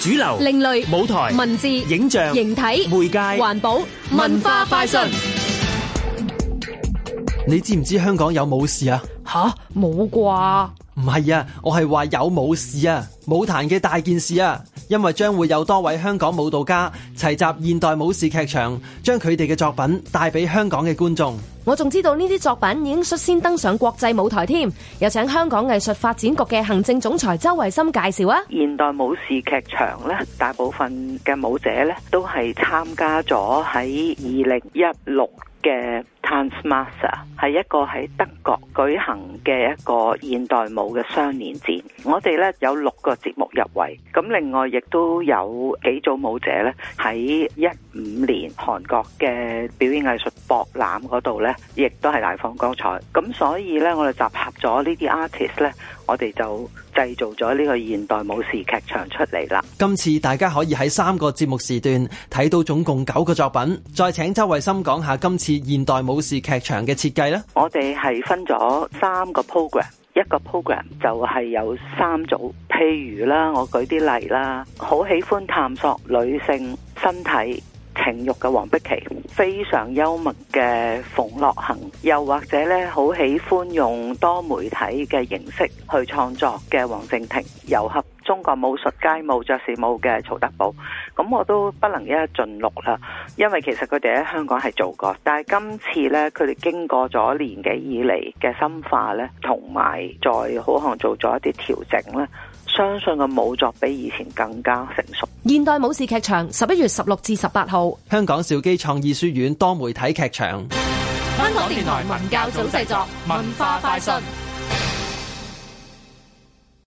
主流、另類、舞台、文字、影像、形體、媒介、環保、文化快訊。你知唔知香港有冇事啊？吓，冇啩？唔係啊，我係話有冇事啊，舞壇嘅大件事啊！因為將會有多位香港舞蹈家齊集現代舞事劇場，將佢哋嘅作品帶俾香港嘅觀眾。我仲知道呢啲作品已經率先登上國際舞台添。有請香港藝術發展局嘅行政總裁周慧心介紹啊！現代舞事劇場咧，大部分嘅舞者咧都係參加咗喺二零一六嘅。Smasher 係一個喺德國舉行嘅一個現代舞嘅雙年節，我哋咧有六個節目入圍，咁另外亦都有幾組舞者咧喺一五年韓國嘅表演藝術博覽嗰度咧，亦都係大放光彩，咁所以咧我哋集合咗呢啲 artist 咧，我哋就。製造咗呢個現代武士劇場出嚟啦！今次大家可以喺三個節目時段睇到總共九個作品，再請周慧心講下今次現代武士劇場嘅設計啦。我哋係分咗三個 program，me，一個 program 就係有三組，譬如啦，我舉啲例啦，好喜歡探索女性身體情慾嘅黃碧琪，非常幽默嘅馮樂恆，又或者咧好喜歡用多媒體嘅形式去創作嘅黃靜婷，融合中國武術街舞、爵士舞嘅曹德寶，咁、嗯、我都不能一一盡錄啦，因為其實佢哋喺香港係做過，但係今次咧佢哋經過咗年紀以嚟嘅深化咧，同埋再好可能做咗一啲調整咧。相信嘅舞作比以前更加成熟。現代武士劇場十一月十六至十八號，香港兆基創意書院多媒體劇場。香港電台文教組製作，文化快訊。